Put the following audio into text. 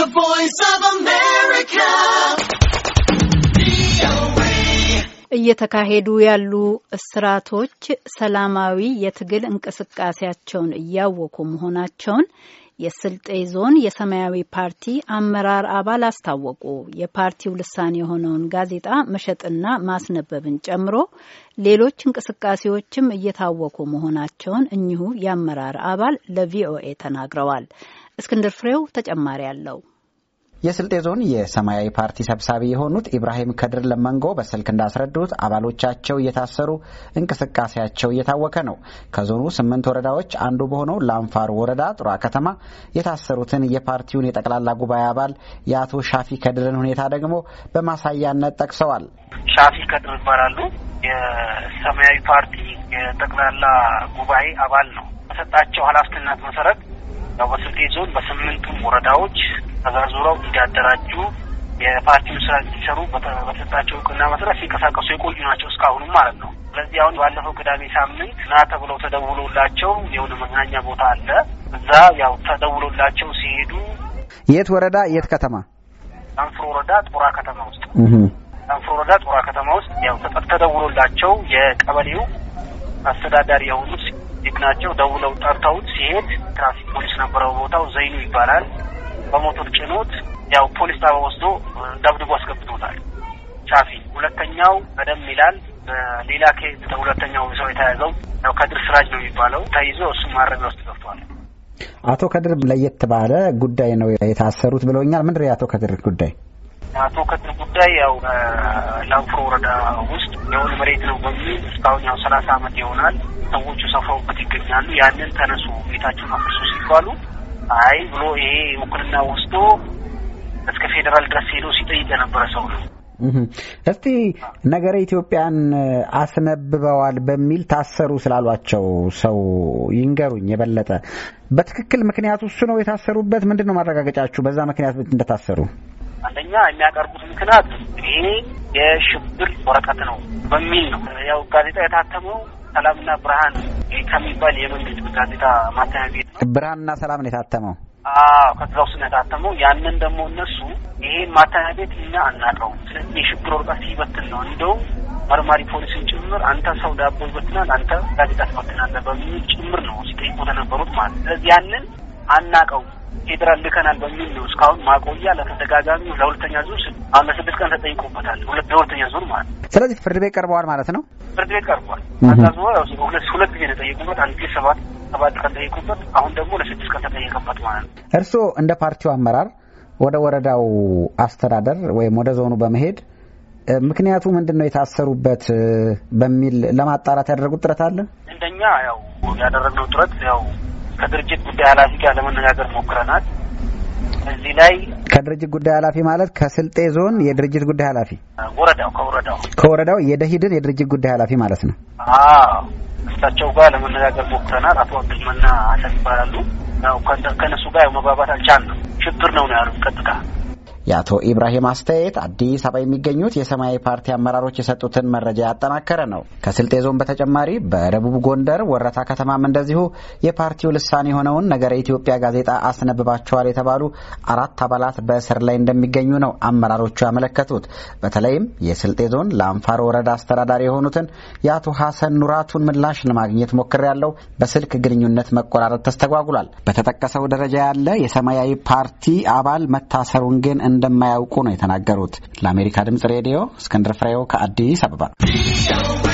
The Voice of America. እየተካሄዱ ያሉ እስራቶች ሰላማዊ የትግል እንቅስቃሴያቸውን እያወኩ መሆናቸውን የስልጤ ዞን የሰማያዊ ፓርቲ አመራር አባል አስታወቁ። የፓርቲው ልሳን የሆነውን ጋዜጣ መሸጥና ማስነበብን ጨምሮ ሌሎች እንቅስቃሴዎችም እየታወኩ መሆናቸውን እኚሁ የአመራር አባል ለቪኦኤ ተናግረዋል። እስክንድር ፍሬው ተጨማሪ አለው። የስልጤ ዞን የሰማያዊ ፓርቲ ሰብሳቢ የሆኑት ኢብራሂም ከድር ለመንጎ በስልክ እንዳስረዱት አባሎቻቸው እየታሰሩ እንቅስቃሴያቸው እየታወከ ነው። ከዞኑ ስምንት ወረዳዎች አንዱ በሆነው ላንፋሩ ወረዳ ጥሯ ከተማ የታሰሩትን የፓርቲውን የጠቅላላ ጉባኤ አባል የአቶ ሻፊ ከድርን ሁኔታ ደግሞ በማሳያነት ጠቅሰዋል። ሻፊ ከድር ይባላሉ። የሰማያዊ ፓርቲ የጠቅላላ ጉባኤ አባል ነው። በሰጣቸው ኃላፊነት መሰረት ያው በስልጤ ዞን በስምንቱም ወረዳዎች ተዛዙረው እንዲያደራጁ የፓርቲውን ስራ እንዲሰሩ በተሰጣቸው እውቅና መሰረት ሲንቀሳቀሱ የቆዩ ናቸው እስካሁንም ማለት ነው። ስለዚህ አሁን ባለፈው ቅዳሜ ሳምንት ና ተብለው ተደውሎላቸው የሆነ መዝናኛ ቦታ አለ። እዛ ያው ተደውሎላቸው ሲሄዱ የት ወረዳ የት ከተማ? ሳንፍሮ ወረዳ ጦራ ከተማ ውስጥ ሳንፍሮ ወረዳ ጦራ ከተማ ውስጥ ያው ተደውሎላቸው የቀበሌው አስተዳዳሪ የሆኑት ዲክ ናቸው። ደውለው ጠርተውት ሲሄድ ትራፊክ ፖሊስ ነበረው ቦታው፣ ዘይኑ ይባላል። በሞቶር ጭኖት ያው ፖሊስ ጣቢያ ወስዶ ደብድቦ አስገብቶታል። ሻፊ ሁለተኛው በደም ይላል። በሌላ ኬዝ ሁለተኛው ሰው የተያዘው ያው ከድር ስራጅ ነው የሚባለው ተይዞ እሱ ማረሚያ ውስጥ ገብቷል። አቶ ከድር ለየት ባለ ጉዳይ ነው የታሰሩት ብለውኛል። ምንድን ነው የአቶ ከድር ጉዳይ? አቶ ከድር ጉዳይ ያው ላንፍሮ ወረዳ ውስጥ የሆነ መሬት ነው በሚል እስካሁን ያው ሰላሳ አመት ይሆናል ሰዎቹ ሰፍረውበት ይገኛሉ። ያንን ተነሱ ቤታችሁን አፍርሱ ሲባሉ አይ ብሎ ይሄ ውክልና ወስዶ እስከ ፌዴራል ድረስ ሄዶ ሲጠይቅ የነበረ ሰው ነው። እስቲ ነገረ ኢትዮጵያን አስነብበዋል በሚል ታሰሩ ስላሏቸው ሰው ይንገሩኝ። የበለጠ በትክክል ምክንያቱ እሱ ነው የታሰሩበት። ምንድን ነው ማረጋገጫችሁ በዛ ምክንያት እንደታሰሩ? አንደኛ የሚያቀርቡት ምክንያት ይሄ የሽብር ወረቀት ነው በሚል ነው። ያው ጋዜጣ የታተመው ሰላምና ብርሃን ከሚባል የመንግስት ጋዜጣ ማተሚያ ቤት ነው። ብርሃንና ሰላም ነው የታተመው። አዎ ከዛ ውስጥ የታተመው። ያንን ደግሞ እነሱ ይሄን ማተሚያ ቤት እኛ አናቀው ስለዚህ የሽብር ወረቀት ሲበትን ነው እንደውም መርማሪ ፖሊስን ጭምር አንተ ሰው ዳቦ ይበትናል፣ አንተ ጋዜጣ ትበትናለህ በሚል ጭምር ነው ሲጠይቁ ተነበሩት ማለት ስለዚህ ያንን አናውቀው ፌዴራል ልከናል በሚል ነው እስካሁን ማቆያ ለተደጋጋሚ ለሁለተኛ ዙር አሁን ለስድስት ቀን ተጠይቆበታል። ሁለት ለሁለተኛ ዙር ማለት ነው። ስለዚህ ፍርድ ቤት ቀርበዋል ማለት ነው። ፍርድ ቤት ቀርቧል። አዛዞ ሁለት ሁለት ጊዜ ተጠይቁበት አንድ ጊዜ ሰባት ሰባት ቀን ተጠይቁበት አሁን ደግሞ ለስድስት ቀን ተጠየቀበት ማለት ነው። እርስዎ እንደ ፓርቲው አመራር ወደ ወረዳው አስተዳደር ወይም ወደ ዞኑ በመሄድ ምክንያቱ ምንድን ነው የታሰሩበት በሚል ለማጣራት ያደረጉት ጥረት አለ? እንደኛ ያው ያደረግነው ጥረት ያው ከድርጅት ጉዳይ ኃላፊ ጋር ለመነጋገር ሞክረናል። እዚህ ላይ ከድርጅት ጉዳይ ኃላፊ ማለት ከስልጤ ዞን የድርጅት ጉዳይ ኃላፊ ወረዳው ከወረዳው ከወረዳው የደሂድን የድርጅት ጉዳይ ኃላፊ ማለት ነው። እሳቸው ጋር ለመነጋገር ሞክረናል። አቶ አብዱልመና አሰ ይባላሉ። ከነሱ ጋር መግባባት አልቻልንም። ችግር ነው ነው ያሉት ቀጥታ የአቶ ኢብራሂም አስተያየት አዲስ አበባ የሚገኙት የሰማያዊ ፓርቲ አመራሮች የሰጡትን መረጃ ያጠናከረ ነው። ከስልጤ ዞን በተጨማሪ በደቡብ ጎንደር ወረታ ከተማም እንደዚሁ የፓርቲው ልሳን የሆነውን ነገረ ኢትዮጵያ ጋዜጣ አስነብባቸዋል የተባሉ አራት አባላት በእስር ላይ እንደሚገኙ ነው አመራሮቹ ያመለከቱት። በተለይም የስልጤ ዞን ለአንፋሮ ወረዳ አስተዳዳሪ የሆኑትን የአቶ ሀሰን ኑራቱን ምላሽ ለማግኘት ሞክር ያለው በስልክ ግንኙነት መቆራረጥ ተስተጓጉሏል። በተጠቀሰው ደረጃ ያለ የሰማያዊ ፓርቲ አባል መታሰሩን ግን እንደማያውቁ ነው የተናገሩት። ለአሜሪካ ድምጽ ሬዲዮ እስክንድር ፍሬው ከአዲስ አበባ